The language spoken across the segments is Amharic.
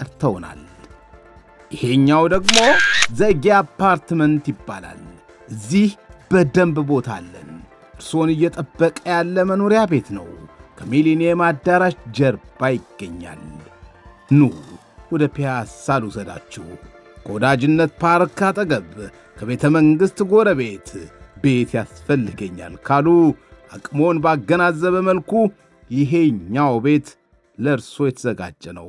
ጠርተውናል። ይሄኛው ደግሞ ዘጌ አፓርትመንት ይባላል። እዚህ በደንብ ቦታ አለን። እርሶን እየጠበቀ ያለ መኖሪያ ቤት ነው። ከሚሊኒየም አዳራሽ ጀርባ ይገኛል። ኑ ወደ ፒያሳ ልውሰዳችሁ። ከወዳጅነት ፓርክ አጠገብ ከቤተ መንግሥት ጎረቤት ቤት ያስፈልገኛል ካሉ አቅሞን ባገናዘበ መልኩ ይሄኛው ቤት ለእርሶ የተዘጋጀ ነው።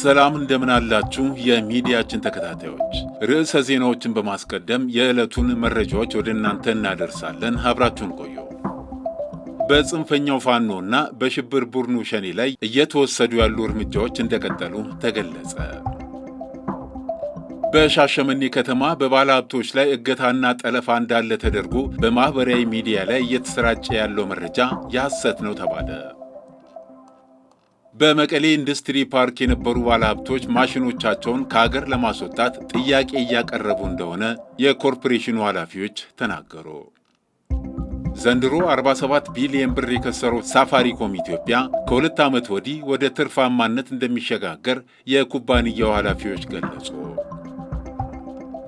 ሰላም እንደምን አላችሁ የሚዲያችን ተከታታዮች፣ ርዕሰ ዜናዎችን በማስቀደም የዕለቱን መረጃዎች ወደ እናንተ እናደርሳለን። አብራችሁን ቆዩ። በጽንፈኛው ፋኖ እና በሽብር ቡድኑ ሸኔ ላይ እየተወሰዱ ያሉ እርምጃዎች እንደቀጠሉ ተገለጸ። በሻሸመኔ ከተማ በባለ ሀብቶች ላይ እገታና ጠለፋ እንዳለ ተደርጎ በማኅበራዊ ሚዲያ ላይ እየተሰራጨ ያለው መረጃ የሐሰት ነው ተባለ። በመቀሌ ኢንዱስትሪ ፓርክ የነበሩ ባለሀብቶች ማሽኖቻቸውን ከሀገር ለማስወጣት ጥያቄ እያቀረቡ እንደሆነ የኮርፖሬሽኑ ኃላፊዎች ተናገሩ። ዘንድሮ 47 ቢሊየን ብር የከሰረው ሳፋሪኮም ኢትዮጵያ ከሁለት ዓመት ወዲህ ወደ ትርፋማነት እንደሚሸጋገር የኩባንያው ኃላፊዎች ገለጹ።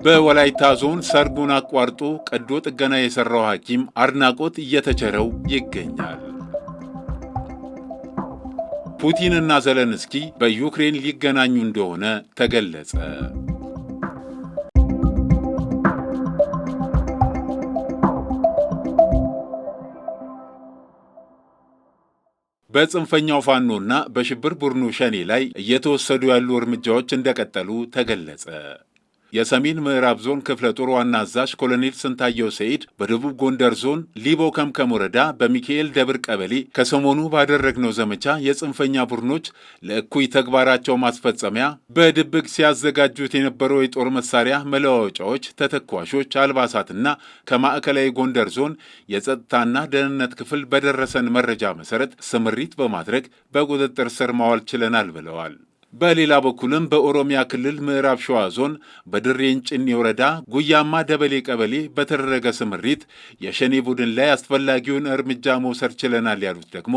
በወላይታ ዞን ሰርጉን አቋርጦ ቀዶ ጥገና የሠራው ሐኪም አድናቆት እየተቸረው ይገኛል። ፑቲንና ዘለንስኪ በዩክሬን ሊገናኙ እንደሆነ ተገለጸ። በጽንፈኛው ፋኖና በሽብር ቡድኑ ሸኔ ላይ እየተወሰዱ ያሉ እርምጃዎች እንደቀጠሉ ተገለጸ። የሰሜን ምዕራብ ዞን ክፍለ ጦር ዋና አዛዥ ኮሎኔል ስንታየው ሰይድ በደቡብ ጎንደር ዞን ሊቦ ከምከም ወረዳ በሚካኤል ደብር ቀበሌ ከሰሞኑ ባደረግነው ዘመቻ የጽንፈኛ ቡድኖች ለእኩይ ተግባራቸው ማስፈጸሚያ በድብቅ ሲያዘጋጁት የነበረው የጦር መሳሪያ መለዋወጫዎች፣ ተተኳሾች፣ አልባሳትና ከማዕከላዊ ጎንደር ዞን የጸጥታና ደህንነት ክፍል በደረሰን መረጃ መሰረት ስምሪት በማድረግ በቁጥጥር ስር ማዋል ችለናል ብለዋል። በሌላ በኩልም በኦሮሚያ ክልል ምዕራብ ሸዋ ዞን በድሬን ጭኔ ወረዳ ጉያማ ደበሌ ቀበሌ በተደረገ ስምሪት የሸኔ ቡድን ላይ አስፈላጊውን እርምጃ መውሰድ ችለናል ያሉት ደግሞ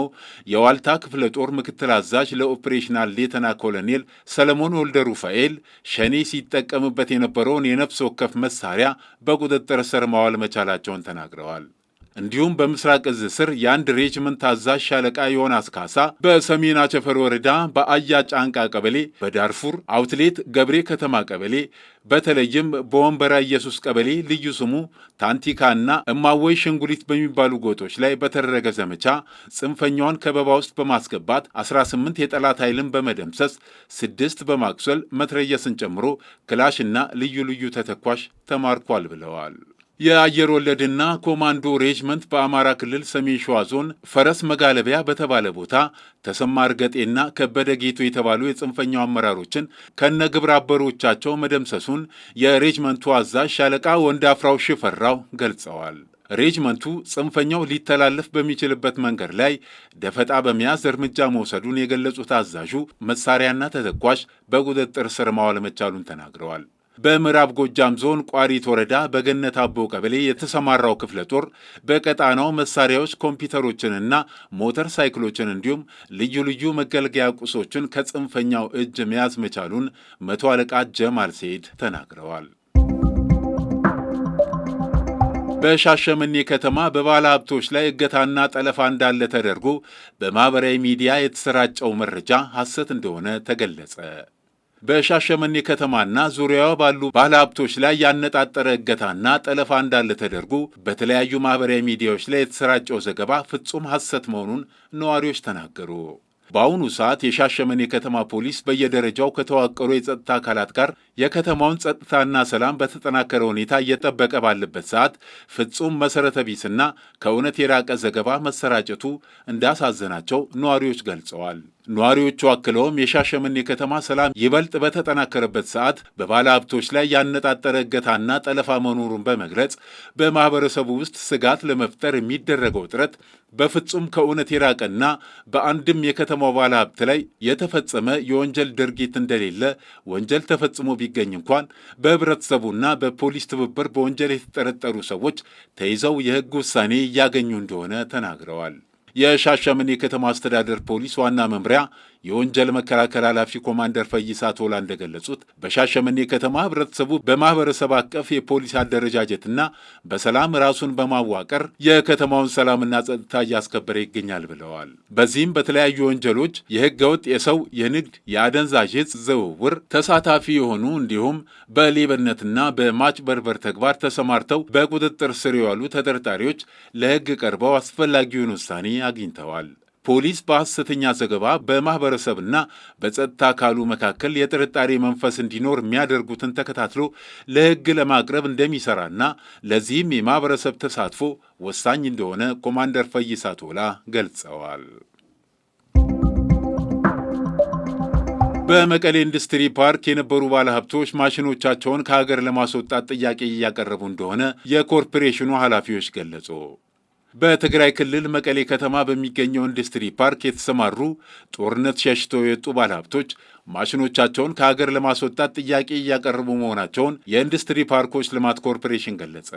የዋልታ ክፍለ ጦር ምክትል አዛዥ ለኦፕሬሽናል ሌተና ኮሎኔል ሰለሞን ወልደ ሩፋኤል ሸኔ ሲጠቀምበት የነበረውን የነፍስ ወከፍ መሳሪያ በቁጥጥር ስር ማዋል መቻላቸውን ተናግረዋል። እንዲሁም በምስራቅ እዝ ስር የአንድ ሬጅመንት አዛዥ ሻለቃ የሆነ አስካሳ በሰሜን አቸፈር ወረዳ በአያ ጫንቃ ቀበሌ፣ በዳርፉር አውትሌት ገብሬ ከተማ ቀበሌ በተለይም በወንበራ ኢየሱስ ቀበሌ ልዩ ስሙ ታንቲካና እማወይ ሽንጉሊት በሚባሉ ጎጦች ላይ በተደረገ ዘመቻ ጽንፈኛዋን ከበባ ውስጥ በማስገባት 18 የጠላት ኃይልን በመደምሰስ ስድስት በማቁሰል መትረየስን ጨምሮ ክላሽና ልዩ ልዩ ተተኳሽ ተማርኳል ብለዋል። የአየር ወለድና ኮማንዶ ሬጅመንት በአማራ ክልል ሰሜን ሸዋ ዞን ፈረስ መጋለቢያ በተባለ ቦታ ተሰማ እርገጤና ከበደ ጌቶ የተባሉ የጽንፈኛው አመራሮችን ከነ ግብረ አበሮቻቸው መደምሰሱን የሬጅመንቱ አዛዥ ሻለቃ ወንድ አፍራው ሽፈራው ገልጸዋል። ሬጅመንቱ ጽንፈኛው ሊተላለፍ በሚችልበት መንገድ ላይ ደፈጣ በመያዝ እርምጃ መውሰዱን የገለጹት አዛዡ መሳሪያና ተተኳሽ በቁጥጥር ስር ማዋል መቻሉን ተናግረዋል። በምዕራብ ጎጃም ዞን ቋሪት ወረዳ በገነት አቦ ቀበሌ የተሰማራው ክፍለ ጦር በቀጣናው መሳሪያዎች፣ ኮምፒውተሮችንና ሞተር ሳይክሎችን እንዲሁም ልዩ ልዩ መገልገያ ቁሶችን ከጽንፈኛው እጅ መያዝ መቻሉን መቶ አለቃ ጀማል ሴድ ተናግረዋል። በሻሸመኔ ከተማ በባለ ሀብቶች ላይ እገታና ጠለፋ እንዳለ ተደርጎ በማኅበራዊ ሚዲያ የተሰራጨው መረጃ ሐሰት እንደሆነ ተገለጸ። በሻሸመኔ ከተማና ዙሪያዋ ባሉ ባለሀብቶች ላይ ያነጣጠረ እገታና ጠለፋ እንዳለ ተደርጎ በተለያዩ ማህበራዊ ሚዲያዎች ላይ የተሰራጨው ዘገባ ፍጹም ሐሰት መሆኑን ነዋሪዎች ተናገሩ። በአሁኑ ሰዓት የሻሸመኔ ከተማ ፖሊስ በየደረጃው ከተዋቀሩ የጸጥታ አካላት ጋር የከተማውን ጸጥታና ሰላም በተጠናከረ ሁኔታ እየጠበቀ ባለበት ሰዓት ፍጹም መሠረተ ቢስና ከእውነት የራቀ ዘገባ መሰራጨቱ እንዳሳዘናቸው ነዋሪዎች ገልጸዋል። ነዋሪዎቹ አክለውም የሻሸመኔ ከተማ ሰላም ይበልጥ በተጠናከረበት ሰዓት በባለ ሀብቶች ላይ ያነጣጠረ እገታና ጠለፋ መኖሩን በመግለጽ በማህበረሰቡ ውስጥ ስጋት ለመፍጠር የሚደረገው ጥረት በፍጹም ከእውነት የራቀና በአንድም የከተማው ባለ ሀብት ላይ የተፈጸመ የወንጀል ድርጊት እንደሌለ፣ ወንጀል ተፈጽሞ ቢገኝ እንኳን በህብረተሰቡና በፖሊስ ትብብር በወንጀል የተጠረጠሩ ሰዎች ተይዘው የህግ ውሳኔ እያገኙ እንደሆነ ተናግረዋል። የሻሸመኔ ከተማ አስተዳደር ፖሊስ ዋና መምሪያ የወንጀል መከላከል ኃላፊ ኮማንደር ፈይሳ ቶላ እንደገለጹት በሻሸመኔ ከተማ ህብረተሰቡ በማህበረሰብ አቀፍ የፖሊስ አደረጃጀትና በሰላም ራሱን በማዋቀር የከተማውን ሰላምና ጸጥታ እያስከበረ ይገኛል ብለዋል። በዚህም በተለያዩ ወንጀሎች የህገ ወጥ የሰው የንግድ የአደንዛዥ ዕፅ ዝውውር ተሳታፊ የሆኑ እንዲሁም በሌብነትና በማጭበርበር ተግባር ተሰማርተው በቁጥጥር ስር የዋሉ ተጠርጣሪዎች ለህግ ቀርበው አስፈላጊውን ውሳኔ አግኝተዋል። ፖሊስ በሐሰተኛ ዘገባ በማኅበረሰብና በጸጥታ አካሉ መካከል የጥርጣሬ መንፈስ እንዲኖር የሚያደርጉትን ተከታትሎ ለሕግ ለማቅረብ እንደሚሠራና ለዚህም የማኅበረሰብ ተሳትፎ ወሳኝ እንደሆነ ኮማንደር ፈይሳ ቶላ ገልጸዋል። በመቀሌ ኢንዱስትሪ ፓርክ የነበሩ ባለሀብቶች ማሽኖቻቸውን ከሀገር ለማስወጣት ጥያቄ እያቀረቡ እንደሆነ የኮርፖሬሽኑ ኃላፊዎች ገለጹ። በትግራይ ክልል መቀሌ ከተማ በሚገኘው ኢንዱስትሪ ፓርክ የተሰማሩ ጦርነት ሸሽተው የወጡ ባለሀብቶች ማሽኖቻቸውን ከሀገር ለማስወጣት ጥያቄ እያቀረቡ መሆናቸውን የኢንዱስትሪ ፓርኮች ልማት ኮርፖሬሽን ገለጸ።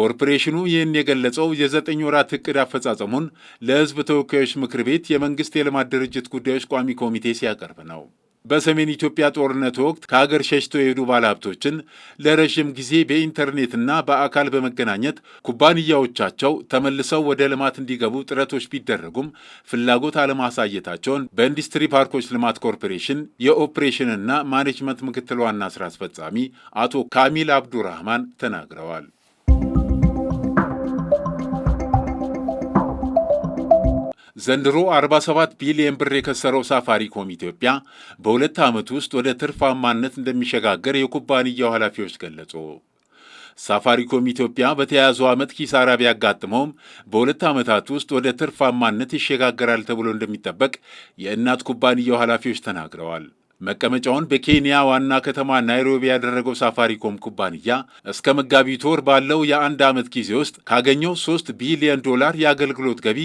ኮርፖሬሽኑ ይህን የገለጸው የዘጠኝ ወራት እቅድ አፈጻጸሙን ለሕዝብ ተወካዮች ምክር ቤት የመንግሥት የልማት ድርጅት ጉዳዮች ቋሚ ኮሚቴ ሲያቀርብ ነው። በሰሜን ኢትዮጵያ ጦርነት ወቅት ከሀገር ሸሽተው የሄዱ ባለሀብቶችን ለረዥም ጊዜ በኢንተርኔትና በአካል በመገናኘት ኩባንያዎቻቸው ተመልሰው ወደ ልማት እንዲገቡ ጥረቶች ቢደረጉም ፍላጎት አለማሳየታቸውን በኢንዱስትሪ ፓርኮች ልማት ኮርፖሬሽን የኦፕሬሽንና ማኔጅመንት ምክትል ዋና ስራ አስፈጻሚ አቶ ካሚል አብዱራህማን ተናግረዋል። ዘንድሮ 47 ቢሊየን ብር የከሰረው ሳፋሪኮም ኢትዮጵያ በሁለት ዓመት ውስጥ ወደ ትርፋማነት እንደሚሸጋገር የኩባንያው ኃላፊዎች ገለጹ። ሳፋሪኮም ኢትዮጵያ በተያያዘው ዓመት ኪሳራ ቢያጋጥመውም በሁለት ዓመታት ውስጥ ወደ ትርፋማነት ይሸጋገራል ተብሎ እንደሚጠበቅ የእናት ኩባንያው ኃላፊዎች ተናግረዋል። መቀመጫውን በኬንያ ዋና ከተማ ናይሮቢ ያደረገው ሳፋሪኮም ኩባንያ እስከ መጋቢት ወር ባለው የአንድ ዓመት ጊዜ ውስጥ ካገኘው 3 ቢሊዮን ዶላር የአገልግሎት ገቢ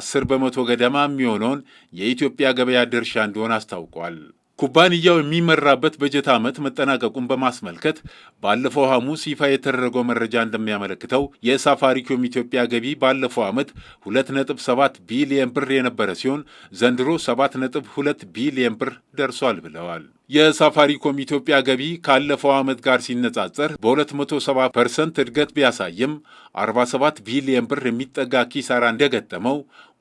10 በመቶ ገደማ የሚሆነውን የኢትዮጵያ ገበያ ድርሻ እንደሆነ አስታውቋል። ኩባንያው የሚመራበት በጀት ዓመት መጠናቀቁን በማስመልከት ባለፈው ሐሙስ ይፋ የተደረገው መረጃ እንደሚያመለክተው የሳፋሪኮም ኢትዮጵያ ገቢ ባለፈው ዓመት 2.7 ቢሊየን ብር የነበረ ሲሆን ዘንድሮ 7.2 ቢሊየን ብር ደርሷል ብለዋል። የሳፋሪኮም ኢትዮጵያ ገቢ ካለፈው ዓመት ጋር ሲነጻጸር በ270 ፐርሰንት እድገት ቢያሳይም 47 ቢሊየን ብር የሚጠጋ ኪሳራ እንደገጠመው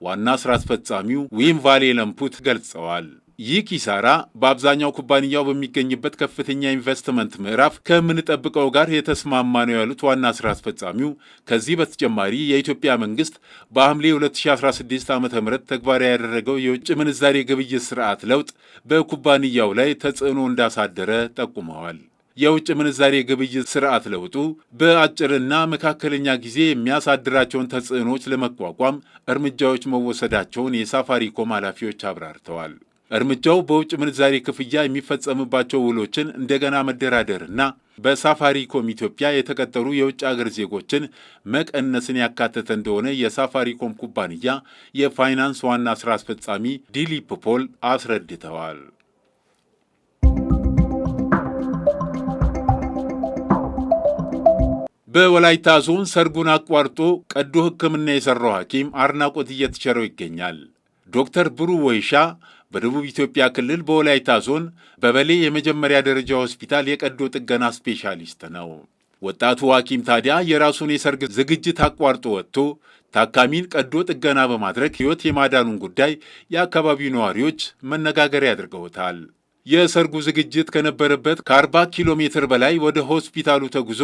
ዋና ሥራ አስፈጻሚው ዊም ቫሌ ለምፑት ገልጸዋል። ይህ ኪሳራ በአብዛኛው ኩባንያው በሚገኝበት ከፍተኛ ኢንቨስትመንት ምዕራፍ ከምንጠብቀው ጋር የተስማማ ነው ያሉት ዋና ስራ አስፈጻሚው፣ ከዚህ በተጨማሪ የኢትዮጵያ መንግስት በሐምሌ 2016 ዓ ም ተግባራዊ ያደረገው የውጭ ምንዛሬ ግብይት ስርዓት ለውጥ በኩባንያው ላይ ተጽዕኖ እንዳሳደረ ጠቁመዋል። የውጭ ምንዛሬ ግብይት ስርዓት ለውጡ በአጭርና መካከለኛ ጊዜ የሚያሳድራቸውን ተጽዕኖዎች ለመቋቋም እርምጃዎች መወሰዳቸውን የሳፋሪኮም ኃላፊዎች አብራርተዋል። እርምጃው በውጭ ምንዛሪ ክፍያ የሚፈጸምባቸው ውሎችን እንደገና መደራደርና በሳፋሪኮም ኢትዮጵያ የተቀጠሩ የውጭ አገር ዜጎችን መቀነስን ያካተተ እንደሆነ የሳፋሪኮም ኩባንያ የፋይናንስ ዋና ስራ አስፈጻሚ ዲሊፕ ፖል አስረድተዋል። በወላይታ ዞን ሰርጉን አቋርጦ ቀዶ ሕክምና የሰራው ሐኪም አድናቆት እየተቸረው ይገኛል። ዶክተር ብሩ ወይሻ በደቡብ ኢትዮጵያ ክልል በወላይታ ዞን በበሌ የመጀመሪያ ደረጃ ሆስፒታል የቀዶ ጥገና ስፔሻሊስት ነው። ወጣቱ ሐኪም ታዲያ የራሱን የሰርግ ዝግጅት አቋርጦ ወጥቶ ታካሚን ቀዶ ጥገና በማድረግ ሕይወት የማዳኑን ጉዳይ የአካባቢው ነዋሪዎች መነጋገሪያ አድርገውታል። የሰርጉ ዝግጅት ከነበረበት ከ40 ኪሎ ሜትር በላይ ወደ ሆስፒታሉ ተጉዞ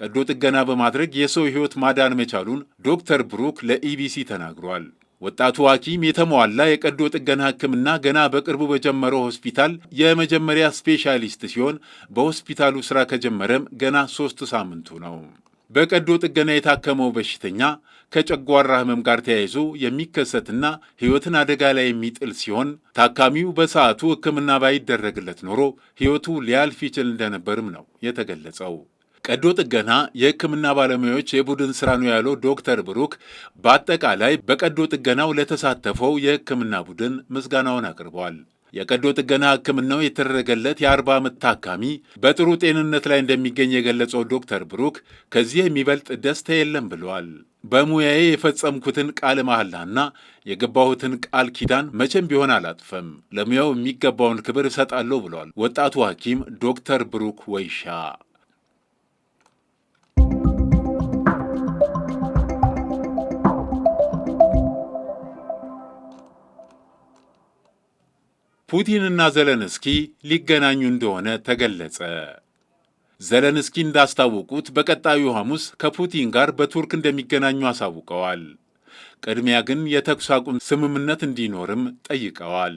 ቀዶ ጥገና በማድረግ የሰው ሕይወት ማዳን መቻሉን ዶክተር ብሩክ ለኢቢሲ ተናግሯል። ወጣቱ ሐኪም የተሟላ የቀዶ ጥገና ሕክምና ገና በቅርቡ በጀመረው ሆስፒታል የመጀመሪያ ስፔሻሊስት ሲሆን በሆስፒታሉ ሥራ ከጀመረም ገና ሦስት ሳምንቱ ነው። በቀዶ ጥገና የታከመው በሽተኛ ከጨጓራ ህመም ጋር ተያይዞ የሚከሰትና ሕይወትን አደጋ ላይ የሚጥል ሲሆን ታካሚው በሰዓቱ ሕክምና ባይደረግለት ኖሮ ሕይወቱ ሊያልፍ ይችል እንደነበርም ነው የተገለጸው። ቀዶ ጥገና የህክምና ባለሙያዎች የቡድን ስራ ነው ያለው ዶክተር ብሩክ በአጠቃላይ በቀዶ ጥገናው ለተሳተፈው የህክምና ቡድን ምስጋናውን አቅርበዋል። የቀዶ ጥገና ህክምናው የተደረገለት የአርባ 40 ዓመት ታካሚ በጥሩ ጤንነት ላይ እንደሚገኝ የገለጸው ዶክተር ብሩክ ከዚህ የሚበልጥ ደስታ የለም ብለዋል። በሙያዬ የፈጸምኩትን ቃል መሐላና የገባሁትን ቃል ኪዳን መቼም ቢሆን አላጥፈም፣ ለሙያው የሚገባውን ክብር እሰጣለሁ ብለዋል ወጣቱ ሐኪም ዶክተር ብሩክ ወይሻ ፑቲንና ዘለንስኪ ሊገናኙ እንደሆነ ተገለጸ። ዘለንስኪ እንዳስታወቁት በቀጣዩ ሐሙስ ከፑቲን ጋር በቱርክ እንደሚገናኙ አሳውቀዋል። ቅድሚያ ግን የተኩስ አቁም ስምምነት እንዲኖርም ጠይቀዋል።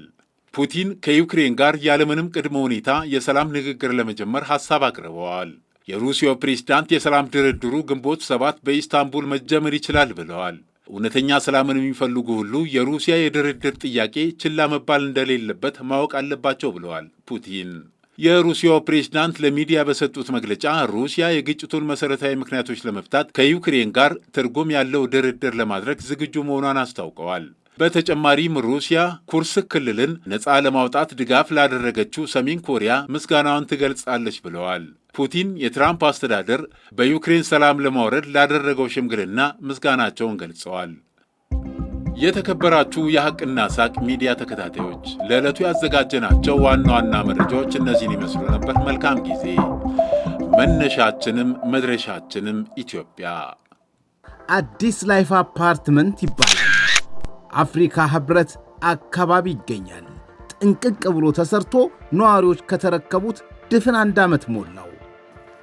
ፑቲን ከዩክሬን ጋር ያለምንም ቅድመ ሁኔታ የሰላም ንግግር ለመጀመር ሐሳብ አቅርበዋል። የሩሲያው ፕሬዝዳንት የሰላም ድርድሩ ግንቦት ሰባት በኢስታንቡል መጀመር ይችላል ብለዋል። እውነተኛ ሰላምን የሚፈልጉ ሁሉ የሩሲያ የድርድር ጥያቄ ችላ መባል እንደሌለበት ማወቅ አለባቸው ብለዋል ፑቲን። የሩሲያው ፕሬዝዳንት ለሚዲያ በሰጡት መግለጫ ሩሲያ የግጭቱን መሠረታዊ ምክንያቶች ለመፍታት ከዩክሬን ጋር ትርጉም ያለው ድርድር ለማድረግ ዝግጁ መሆኗን አስታውቀዋል። በተጨማሪም ሩሲያ ኩርስክ ክልልን ነፃ ለማውጣት ድጋፍ ላደረገችው ሰሜን ኮሪያ ምስጋናዋን ትገልጻለች ብለዋል። ፑቲን የትራምፕ አስተዳደር በዩክሬን ሰላም ለማውረድ ላደረገው ሽምግልና ምስጋናቸውን ገልጸዋል። የተከበራችሁ የሐቅና ሳቅ ሚዲያ ተከታታዮች ለዕለቱ ያዘጋጀናቸው ዋና ዋና መረጃዎች እነዚህን ይመስሉ ነበር። መልካም ጊዜ። መነሻችንም መድረሻችንም ኢትዮጵያ። አዲስ ላይፍ አፓርትመንት ይባላል። አፍሪካ ህብረት አካባቢ ይገኛል። ጥንቅቅ ብሎ ተሰርቶ ነዋሪዎች ከተረከቡት ድፍን አንድ ዓመት ሞላው።